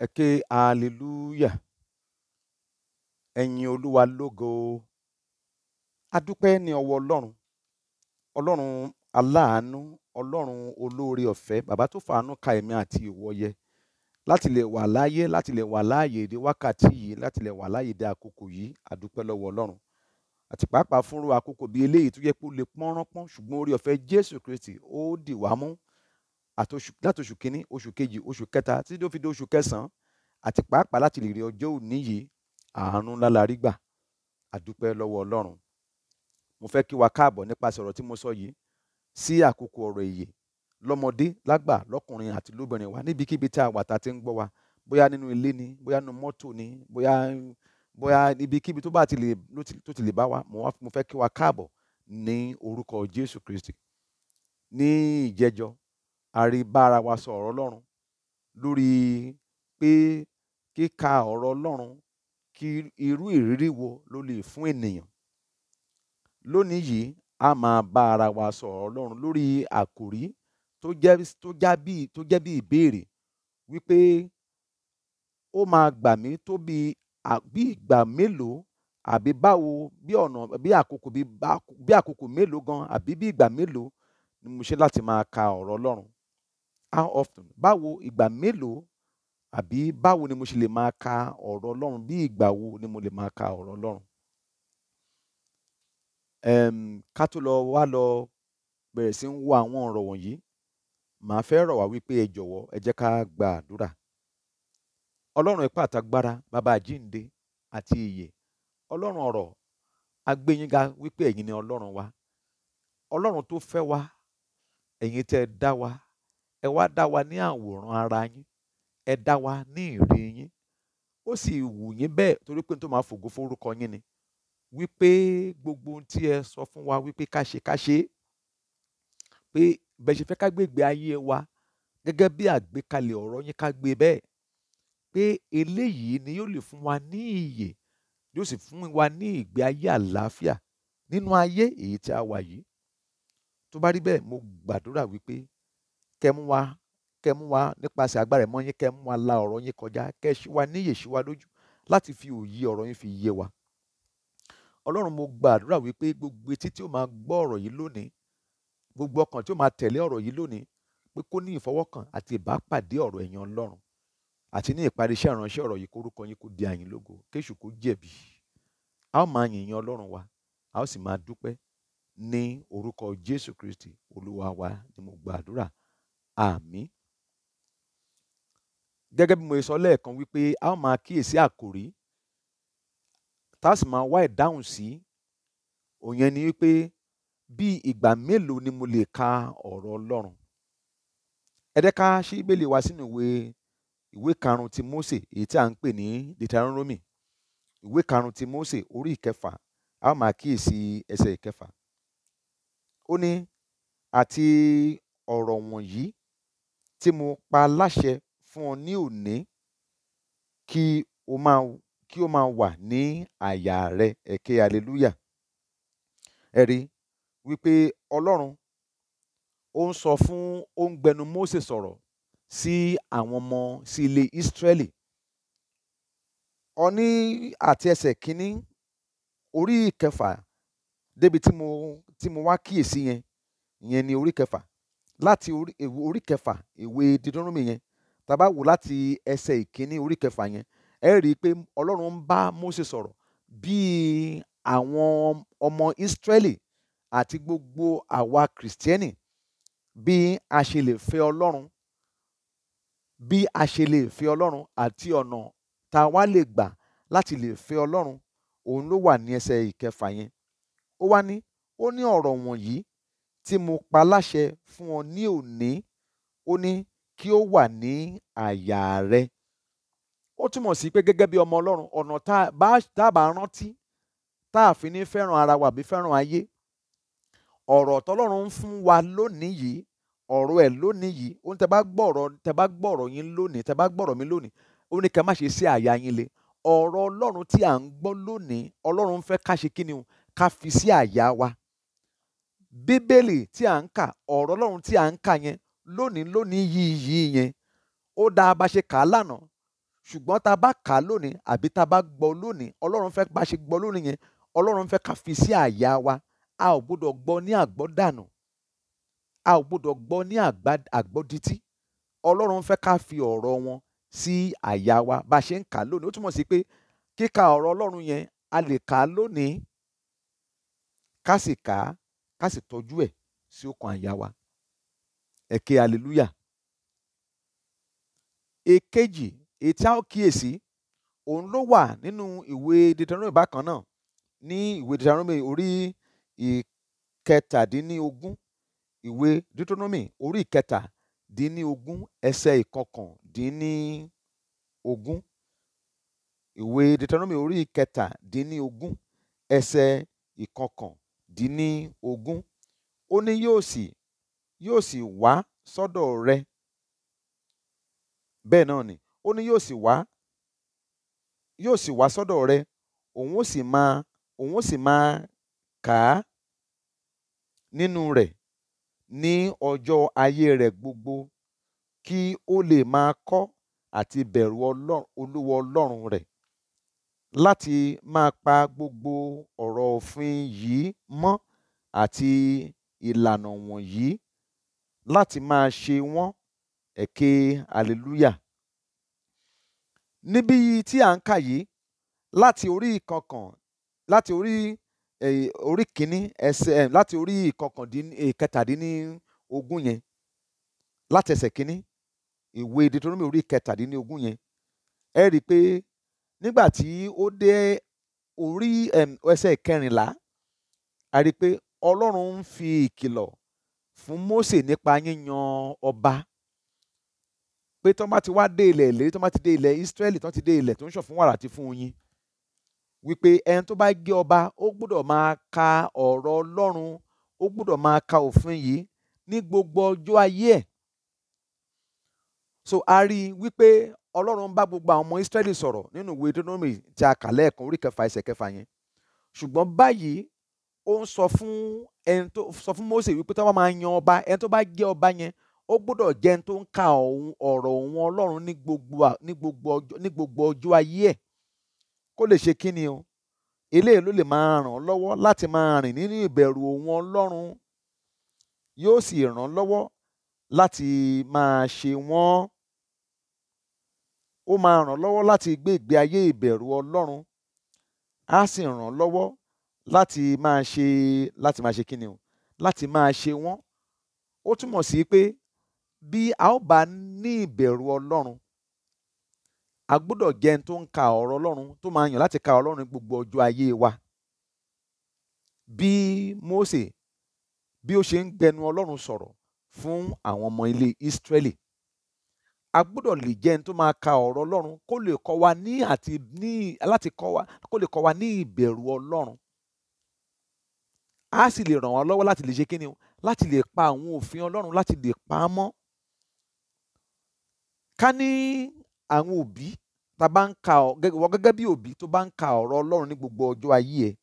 ẹ ké hallelujah ẹ̀yin olúwa lógo a dúpẹ́ ní ọwọ́ ọlọ́run ọlọ́run aláàánú ọlọ́run olóore ọ̀fẹ́ bàbá tó fàánú ka ẹ̀mí àti ìwọ yẹ láti lè wà láyé láti lè wà láàyè dé wákàtí yìí láti lè wà láàyè dé àkókò yìí a dúpẹ́ lọ́wọ́ ọlọ́run àti pàápàá fúnrú àkókò bíi eléyìí tó yẹ kó lè pọ́nrán pọ́n ṣùgbọ́n oore ọ̀fẹ́ jésù kristi ó dì wá mú láti oṣù kínní oṣù kejì oṣù kẹta títí tó fi dé oṣù kẹsànán àti pàápàá láti lè rí ọjọ́ òní yìí àánú ńlá la rí gbà àdúpẹ́ lọ́wọ́ Ọlọ́run mo fẹ́ kí wa káàbọ̀ nípasẹ̀ ọ̀rọ̀ tí mo sọ yìí sí àkókò ọ̀rọ̀ ìyè lọ́mọdé lágbà lọ́kùnrin àti lóbìnrin wa níbikíbi tá a wà ti ń gbọ́ wa bóyá nínú ilé ni bóyá nínú mọ́tò ni bóyá bóyá ibikíbi tó bá ti lè tó ti lè bá wa mo fẹ́ kí wa káàbọ̀ ní orúkọ Jésù Kristi ní ìjẹjọ a rí bára wa sọ ọ̀rọ̀ ọlọ́run lórí pé kíka ọ̀rọ̀ ọlọ́run kí irú ìrírí wo ló lè fún ènìyàn lónìí yìí a máa bá ara wa sọ ọ̀rọ̀ ọlọ́run lórí àkòrí tó jẹ́ tó já bí tó jẹ́ bí ìbéèrè wípé ó máa gbà mí tó bí ìgbà mélòó àbí báwo bí ọ̀nà bí àkókò mélòó gan àbí bí ìgbà mélòó ni mo ṣe láti máa ka ọ̀rọ̀ ọlọ́run How often? Báwo, ìgbà mélòó àbí báwo ni mo ṣe lè máa ka ọ̀rọ̀ Ọlọ́run? Bí ìgbà wo ni mo lè máa ka ọ̀rọ̀ Ọlọ́run? ká tó lọ wá lọ bẹ̀rẹ̀ sí ń wo àwọn ọ̀rọ̀ wọ̀nyí, màá fẹ́ rọ̀ wá wípé ẹ jọ̀wọ́ ẹ jẹ́ ká gba àdúrà. Ọlọ́run ipá àtàgbára, baba àjíǹde àti ìyè. Ọlọ́run ọ̀rọ̀, a gbé yín ga wípé ẹ̀yin ni Ọlọ́run wa. Ọlọ́run tó fẹ́ wa, ẹ̀yin tí dá wa ẹ wá dá wa ní àwòrán ara yín ẹ dá wa ní ìrí yín ó sì wù yín bẹ́ẹ̀ torí pé n tó máa fògo forúkọ yín ni wípé gbogbo ohun tí ẹ sọ fún wa wípé ká ṣe ká ṣe pé bẹ́ẹ̀ ṣe fẹ́ ká gbègbè ayé wa gẹ́gẹ́ bí àgbékalẹ̀ ọ̀rọ̀ yín ká gbé bẹ́ẹ̀ pé eléyìí ni yóò lè fún wa ní ìyè yóò sì fún wa ní ìgbé ayé àlàáfíà nínú ayé èyí tí a wà yìí tó bá rí bẹ́ẹ̀ mo gbàdúrà wípé kẹ́ mú wa kẹ́ mú wa nípasẹ̀ agbára ẹ̀mọ́ yín kẹ́ wa la ọ̀rọ̀ yín kọjá kẹ́ ṣí wa níyè ṣí wa lójú láti fi òye ọ̀rọ̀ yín fi yé wa. ọlọ́run mo gbàdúrà wípé gbogbo etí tí ó máa gbọ́ ọ̀rọ̀ yìí lónìí gbogbo ọkàn tí ó máa tẹ̀lé ọ̀rọ̀ yìí lónìí pé kó ní ìfọwọ́kàn àti ìbápàdé ọ̀rọ̀ ẹ̀yàn ọlọ́run àti ní ìparí iṣẹ́ ìránṣẹ́ ọ̀rọ̀ yìí kórúkọ yín kó di àyìn lógo kéṣù kó jẹ̀bi a ó máa yìnyín ọlọ́run wa a ó sì máa dúpẹ́ ní orúkọ Jésù Kristi olúwa wa ni mo gbàdúrà àmín. Gẹ́gẹ́ bí mo ṣe sọ lẹ́ẹ̀kan wípé a ó máa kíyèsí àkòrí tá a sì máa wá ìdáhùn sí òun yẹn ni wípé bí ìgbà mélòó ni mo lè ka ọ̀rọ̀ Ọlọ́run. Ẹ jẹ́ ká ṣí Bíbélì wa sínú ìwé ìwé karùn-ún ti Mósè èyí tí à ń pè ní Deuteronomy ìwé karùn-ún ti Mósè orí ìkẹfà a ó máa kíyèsí ẹsẹ̀ ìkẹfà. Ó ní àti ọ̀rọ̀ wọ̀nyí tí mo pa láṣẹ fún ọ ní òní kí ó máa kí ó máa wà ní àyà rẹ ẹ ké hallelujah ẹ rí wípé ọlọ́run ó ń sọ fún ó ń gbẹnu Mósè sọ̀rọ̀ sí àwọn ọmọ sí ilé Ísírẹ́lì ọní àti ẹsẹ̀ kínní orí kẹfà débi tí mo tí mo wá kíyèsí yẹn ìyẹn ni orí kẹfà láti orí orí kẹfà ìwé Deuteronomy yẹn tá a bá wò láti ẹsẹ̀ ìkíní orí kẹfà yẹn ẹ rí i pé Ọlọ́run ń bá Mósè sọ̀rọ̀ bíi àwọn ọmọ Ísírẹ́lì àti gbogbo àwa Kìrìsìtẹ́nì bí a ṣe lè fẹ́ Ọlọ́run bí a ṣe lè fẹ́ Ọlọ́run àti ọ̀nà tá a wá lè gbà láti lè fẹ́ Ọlọ́run òun ló wà ní ẹsẹ̀ ìkẹfà yẹn ó wá ní ó ní ọ̀rọ̀ wọ̀nyí tí mo pa láṣẹ fún ọ ní òní ó ní kí ó wà ní àyà rẹ ó túmọ̀ sí pé gẹ́gẹ́ bí ọmọ ọlọ́run ọ̀nà tá a bá rántí tá a fi ní fẹ́ràn ara wa àbí fẹ́ràn ayé ọ̀rọ̀ tọ́lọ́run ń fún wa lónìí yìí ọ̀rọ̀ ẹ̀ lónìí yìí ó ní tẹ́ bá gbọ́rọ̀ tẹ́ bá gbọ́rọ̀ yín lónìí tẹ́ bá gbọ́rọ̀ mi lónìí ó ní ká má ṣe sí àyà yín le ọ̀rọ̀ ọlọ́run tí à ń gbọ́ lónìí ọlọ́run fẹ́ ká ṣe kí ni ká fi sí àyà wa bíbélì tí à ń kà ọ̀rọ̀ ọlọ́run tí à ń kà yẹn lónìí lónìí yìí yìí yẹn ó dáa bá ṣe kà á lánàá ṣùgbọ́n tá a bá kà á lónìí àbí tá a bá gbọ́ lónìí ọlọ́run fẹ́ bá ṣe gbọ́ lónìí yẹn ọlọ́run fẹ́ ká fi sí àyà wa a ò gbọ́dọ̀ gbọ́ ní àgbọ́dànù a ò gbọ́dọ̀ gbọ́ ní àgbọ́dítí ọlọ́run fẹ́ ká fi ọ̀rọ̀ wọn sí àyà wa bá ṣe ń kà á lónìí ó túmọ̀ sí pé kíka ọ̀rọ̀ ọlọ́run yẹn a lè kà á lónìí ká sì kà á ká sì tọ́jú ẹ̀ sí ọkàn àyà wa ẹ ké aleluya. èkejì ètí a ó kíyèsí òun ló wà nínú ìwé Deuteronomy bákan náà ní ìwé Deuteronomy orí ìkẹtàdínníogún ìwé Deuteronomy orí ìkẹtàdínníogún ẹsẹ̀ ìkọkàndínníogún ìwé Deuteronomy orí ìkẹtàdínníogún ẹsẹ̀ ìkọkàn dín ní ogún ó ní yóò sì yóò sì wá sọ́dọ̀ rẹ bẹ́ẹ̀ náà ni ó ní yóò sì wá yóò sì wá sọ́dọ̀ rẹ òun ó sì máa òun ó sì máa kà á nínú rẹ̀ ní ọjọ́ ayé rẹ̀ gbogbo kí ó lè máa kọ́ àti bẹ̀rù Olúwa Ọlọ́run rẹ̀ láti máa pa gbogbo ọ̀rọ̀ òfin yìí mọ́ àti ìlànà wọ̀nyí láti máa ṣe wọ́n èké hallelujah níbí tí à ń kà yìí láti orí ìkọkàn láti orí orí kìíní ẹsẹ̀ láti orí ìkọkàndínlẹ́kẹtàdínlógún yẹn láti ẹsẹ̀ ìwé Deuteronomy orí kẹtàdínlógún yẹn ẹ rí i pé nígbà tí ó dé orí ẹsẹ̀ kẹrìnlá a rí i pé ọlọ́run ń fi ìkìlọ̀ fún Mósè nípa yíyan ọba pé tọ́ bá ti wá dé ilẹ̀ ìlérí tọ́ bá ti dé ilẹ̀ Ísírẹ́lì tọ́ ti dé ilẹ̀ tó ń ṣọ̀fún wàrà àti fún oyin wípé ẹni tó bá jẹ́ ọba ó gbọ́dọ̀ máa ka ọ̀rọ̀ ọlọ́run ó gbọ́dọ̀ máa ka òfin yìí ní gbogbo ọjọ́ ayé ẹ̀ so a rí i wípé ọlọ́run bá gbogbo àwọn ọmọ Ísírẹ́lì sọ̀rọ̀ nínú ìwé Deuteronomy tí a kà lẹ́ẹ̀kan orí kẹfà ẹsẹ̀ kẹfà yẹn ṣùgbọ́n báyìí ó ń sọ fún ẹni tó sọ fún Mósè wípé tó bá máa yan ọba ẹni tó bá jẹ́ ọba yẹn ó gbọ́dọ̀ jẹ́ ẹni tó ń ka ọ̀rọ̀ òun ọlọ́run ní gbogbo ọjọ́ ayé ẹ̀ kó lè ṣe kíni o eléyìí ló lè máa ràn án lọ́wọ́ láti máa rìn nínú ìbẹ̀rù òun ọlọ́run yóò sì ràn án lọ́wọ́ láti máa ṣe wọ́n ó máa ràn án lọ́wọ́ láti gbé ìgbé ayé ìbẹ̀rù ọlọ́run á sì ràn án lọ́wọ́ láti máa ṣe láti máa ṣe kíni o láti máa ṣe wọ́n ó túmọ̀ sí pé bí a ó bá ní ìbẹ̀rù ọlọ́run a gbọ́dọ̀ jẹ́ ẹni tó ń ka ọ̀rọ̀ ọlọ́run tó máa yàn láti ka ọlọ́run gbogbo ọjọ́ ayé wa bí Mósè bí ó ṣe ń gbẹnu ọlọ́run sọ̀rọ̀ fún àwọn ọmọ ilé Ísírẹ́lì a gbọ́dọ̀ lè jẹ́ ẹni tó máa ka ọ̀rọ̀ ọlọ́run kó lè kọ́ wa ní àti ní láti kọ́ wa kó lè kọ́ wa ní ìbẹ̀rù ọlọ́run a sì lè ràn wá lọ́wọ́ láti lè ṣe kíni o láti lè pa àwọn òfin ọlọ́run láti lè pa á mọ́ ká ní àwọn òbí ta bá ń ka wọ́n gẹ́gẹ́ bí òbí tó bá ń ka ọ̀rọ̀ ọlọ́run ní gbogbo ọjọ́ ayé ẹ̀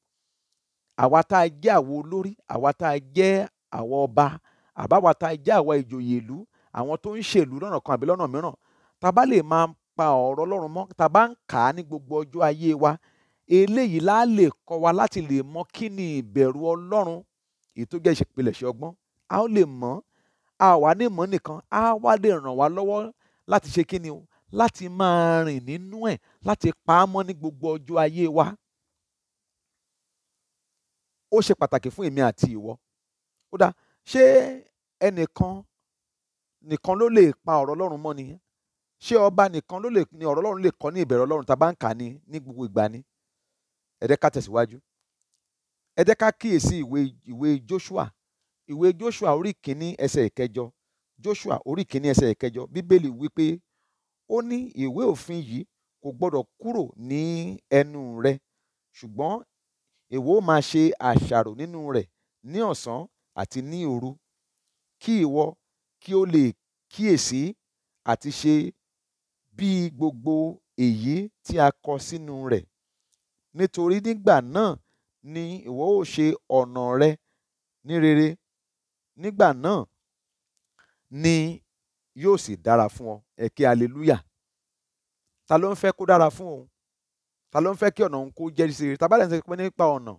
àwa tá a jẹ́ àwa olórí àwa tá a jẹ́ àwa ọba àbáwa tá a jẹ́ àwa ìjòyè ìlú àwọn tó ń ṣèlú lọ́nà kan àbí lọ́nà mìíràn tá bá lè máa pa ọ̀rọ̀ ọlọ́run mọ́ tá a bá ń kà á ní gbogbo ọjọ́ ayé wa eléyìí lá lè kọ́ wa láti lè mọ kí ni ìbẹ̀rù ọlọ́run èyí tó jẹ́ ìpilẹ̀ṣẹ̀ ọgbọ́n a ó lè mọ̀ a wà ní mọ̀ nìkan a wá lè ràn wá lọ́wọ́ láti ṣe kí ni o láti máa rìn nínú ẹ̀ láti pa á mọ́ ní gbogbo ọjọ́ ayé wa ó ṣe pàtàkì fún èmi àti ìwọ ó dá ṣé ẹnìkan nìkan ló lè pa ọ̀rọ̀ ọlọ́run mọ́ ni ṣé ọba nìkan ló lè ní ọ̀rọ̀ ọlọ́run lè kọ́ ní ìbẹ̀rẹ̀ ọlọ́run tá a bá ń kà ní ní gbogbo ìgbà ni ẹ ká tẹ̀síwájú ẹ ká kíyèsí ìwé ìwé Joshua ìwé Joshua orí kìíní ẹsẹ̀ ìkẹjọ Joshua orí kìíní ẹsẹ̀ ìkẹjọ bíbélì wípé ó ní ìwé òfin yìí kò gbọ́dọ̀ kúrò ní ẹnu rẹ ṣùgbọ́n ìwọ máa ṣe àṣàrò nínú rẹ̀ ní ọ̀sán àti ní òru kí ìwọ kí ó lè kíyèsí àti ṣe bí gbogbo èyí tí a kọ sínú rẹ̀ nítorí nígbà náà ni ìwọ ó ṣe ọ̀nà rẹ ní rere nígbà náà ni yóò sì dára fún ọ ẹ kí hallelujah ta ló ń fẹ́ kó dára fún òun ta ló ń fẹ́ kí ọ̀nà òun kó jẹ́ sí rere tabalẹ̀ ń sọ pé nípa ọ̀nà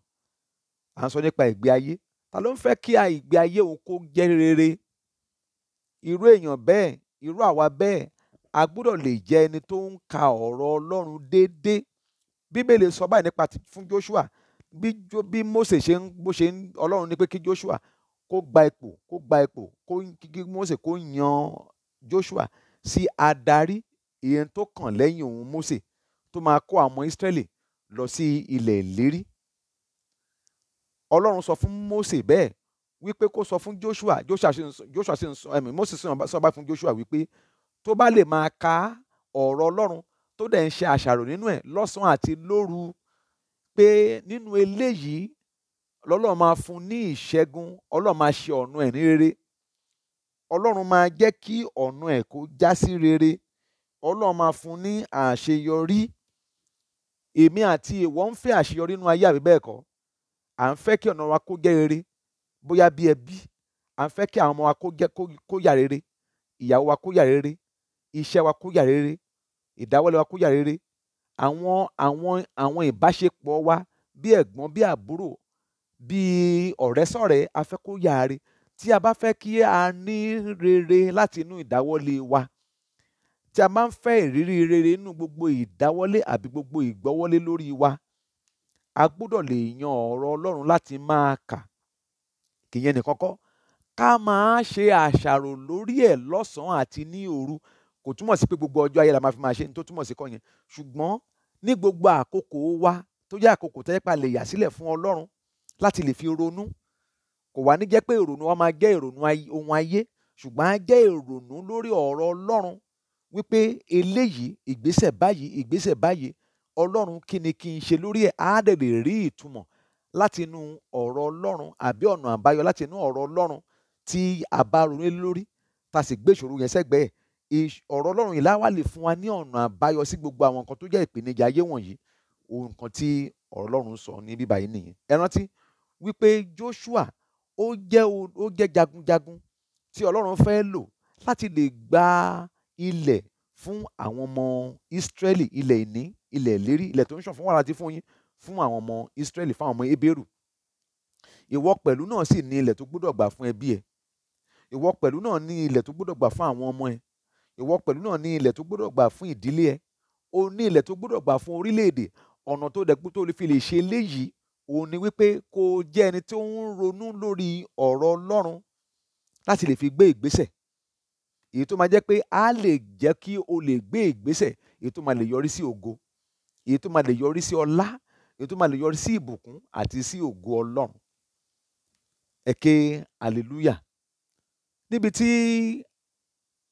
à ń sọ nípa ìgbé ayé ta ló ń fẹ́ kí ìgbé ayé òun kó jẹ́ rere irú èèyàn bẹ́ẹ̀ irú àwa bẹ́ẹ̀ a gbọ́dọ̀ lè jẹ́ ẹni tó ń ka ọ̀rọ̀ ọlọ́run déédéé bíbélì sọ báyìí nípa fún Joshua bí bí mose ṣe ń bó ṣe ń ọlọ́run ní pé kí Joshua kó gba ipò kó gba ipò kó kí Mósè kó yan Joshua sí adarí ìyẹn tó kàn lẹ́yìn òun Mósè tó máa kó àwọn Ísírẹ́lì lọ sí ilẹ̀ ìlérí ọlọ́run sọ fún Mósè bẹ́ẹ̀ wípé kó sọ fún Joshua Joshua sì ń sọ Joshua sì ń sọ ẹ̀mí Moses sọ bá fún Joshua wípé tó bá lè máa ka ọ̀rọ̀ Ọlọ́run tó dẹ̀ ń ṣe àṣàrò nínú ẹ̀ lọ́sàn-án àti lóru pé nínú eléyìí lọ́lọ́run máa fún ní ìṣẹ́gun Ọlọ́run máa ṣe ọ̀nà ẹ̀ ní rere Ọlọ́run máa jẹ́ kí ọ̀nà ẹ̀ kó já sí rere Ọlọ́run máa fún ní àṣeyọrí èmi àti ìwọ ń fẹ́ àṣeyọrí nínú ayé àbí à ń fẹ́ kí ọ̀nà wa kó jẹ́ rere bóyá bí ẹbí à ń fẹ́ kí àwọn ọmọ wa kó jẹ́ kó yà rere ìyàwó wa kó yà rere iṣẹ́ wa kó yà rere ìdáwọ́lé wa kó yà rere àwọn àwọn àwọn ìbáṣepọ̀ wa bí ẹ̀gbọ́n bí àbúrò bí ọ̀rẹ́sọ̀rẹ́ a fẹ́ kó yà re tí a bá fẹ́ kí a ní rere láti inú ìdáwọ́lé wa tí a máa ń fẹ́ ìrírí rere nínú gbogbo ìdáwọ́lé àbí gbogbo ìgbọ́wọ́lé lórí wa a gbọ́dọ̀ lè yan ọ̀rọ̀ Ọlọ́run láti máa kà kìyẹn nìkan kọ́ ká máa ṣe àṣàrò lórí ẹ̀ lọ́sàn-án àti ní òru kò túmọ̀ sí pé gbogbo ọjọ́ ayé la máa fi máa ṣe ní tó túmọ̀ sí kọ́ ṣùgbọ́n ní gbogbo àkókò wa tó jẹ́ àkókò tó jẹ́ pé a lè yà sílẹ̀ fún Ọlọ́run láti lè fi ronú kò wá ní jẹ́ pé ìrònú wa máa jẹ́ ìrònú ohun ayé ṣùgbọ́n á jẹ́ ìrònú lórí ọ̀rọ̀ Ọlọ́run wípé eléyìí ìgbésẹ̀ báyìí ìgbésẹ̀ báyìí Ọlọ́run kí ni kí n ṣe lórí ẹ̀ á dẹ̀ lè rí ìtumọ̀ láti inú ọ̀rọ̀ ọlọ́run àbí ọ̀nà àbáyọ láti inú ọ̀rọ̀ ọlọ́run tí a bá ronú lórí tá a sì gbé ìṣòro yẹn sẹ́gbẹ̀ẹ́ ọ̀rọ̀ ọlọ́run yìí láwá lè fún wa ní ọ̀nà àbáyọ sí gbogbo àwọn nǹkan tó jẹ́ ìpèníjà ayé wọ̀nyí ohun nǹkan tí ọ̀rọ̀ ọlọ́run sọ ní bíbá yìí nìyẹn ẹ rántí wípé Joshua ó jẹ́ ó jẹ́ jagunjagun tí ọlọ́run fẹ́ lò láti lè gba ilẹ̀ fún àwọn ọmọ Ísírẹ́lì ilẹ̀ ìní ilẹ̀ ìlérí ilẹ̀ tó ń ṣàn fún wàrà àti fún yín fún àwọn ọmọ Ísírẹ́lì fún àwọn ọmọ Ébérù ìwọ pẹ̀lú náà sì ní ilẹ̀ tó gbọ́dọ̀ gbà fún ẹbí ẹ ìwọ pẹ̀lú náà ní ilẹ̀ tó gbọ́dọ̀ gbà fún àwọn ọmọ ẹ ìwọ pẹ̀lú náà ní ilẹ̀ tó gbọ́dọ̀ gbà fún ìdílé ẹ o ní ilẹ̀ tó gbọ́dọ̀ gbà fún orílẹ̀-èdè ọ̀nà tó dẹ̀kú tó fi lè ṣe léyìí òun ni wípé kó o jẹ́ ẹni tó ń ronú lórí ọ̀rọ̀ Ọlọ́run láti lè fi gbé ìgbésẹ̀ èyí tó máa jẹ́ pé a lè jẹ́ kí o lè gbé ìgbésẹ̀ èyí tó máa lè yọrí sí ògo èyí tó máa lè yọrí sí ọlá èyí tó máa lè yọrí sí ìbùkún àti sí ògo Ọlọ́run ẹ ké hallelujah níbi tí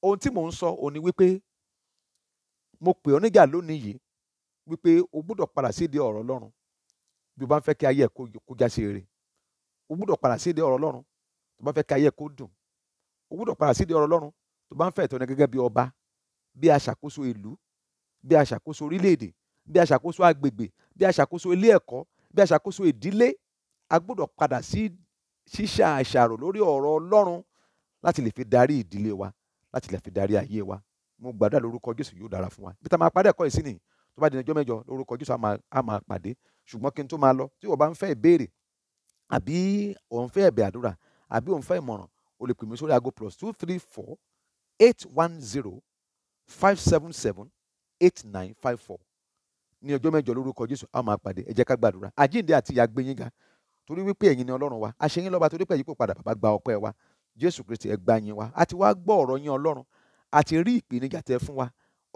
ohun tí mò ń sọ òun ni wípé mo pè ọ́ níjà lónìí yìí wípé o gbúdọ̀ padà sídìí ọ̀rọ̀ Ọlọ́run bí o bá ń fẹ́ kí ayé ẹ̀ kó já sí rere o gbúdọ̀ padà sídìí ọ̀rọ̀ Ọlọ́run tó bá fẹ́ kí ayé ẹ̀ kó dùn o gbúdọ̀ padà sídìí ọ̀rọ̀ Ọlọ́run tó bá ń fẹ́ ìtọ́ni gẹ́gẹ́ bí ọba bí aṣàkóso ìlú bí aṣàkóso orílẹ̀-èdè bí aṣàkóso agbègbè bí a ṣàkóso ilé ẹ̀kọ́ bí a ṣàkóso ìdílé a gbọ́dọ̀ padà sí ṣíṣà àṣàrò lórí ọ̀rọ̀ Ọlọ́run láti lè fi darí ìdílé wa láti lè fi darí ayé wa mo gbàdúrà lórúkọ Jésù yóò dára fún wa bí ta máa parí ẹ̀kọ́ ìsìn nìyí tó bá di ọjọ́ mẹ́jọ lórúkọ Jésù a máa pàdé ṣùgbọ́n kí n tó máa lọ tí wọ́n bá ń fẹ́ ìbéèrè àbí òun fẹ́ ẹ̀bẹ̀ àdúrà àbí òun fẹ́ ìmọ̀ràn o lè pè mí sórí aago plus two three four eight one zero five seven seven eight nine five four ní ọjọ́ mẹ́jọ lórúkọ jésù a máa pàdé ẹ jẹ́ ká gbàdúrà àjíǹde àti ìyá gbé yín ga torí wípé ẹ̀yin ni ọlọ́run wa a ṣe yín lọ́ba torí pé yípo padà bàbá gba ọpẹ́ wa jésù kristi ẹ gbà yín wa a ti wá gbọ́ ọ̀rọ̀ yín ọlọ́run a ti rí ìpèníjà tẹ fún wa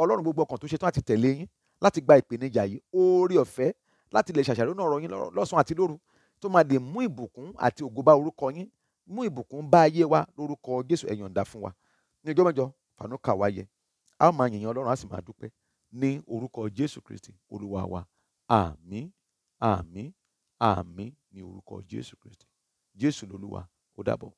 ọlọ́run gbogbo ọkàn tó ṣetán àti tẹ̀lé yín láti gba ìpèníjà yìí oore ọ̀fẹ́ láti lè ṣàṣàrò náà ọ̀rọ̀ yín lọ́sàn àti lóru tó máa lè mú ìbùkún àti ògo bá orúkọ yín mú ìbùkún bá wa lórúkọ jésù ẹ yọ̀ǹda fún wa ní ọjọ́ mẹ́jọ fàánú kà wáyé ní orúkọ Jésù Kristi Olúwa wa àmín àmín àmín ní orúkọ Jésù Kristi Jésù lolúwa ó dàbọ̀.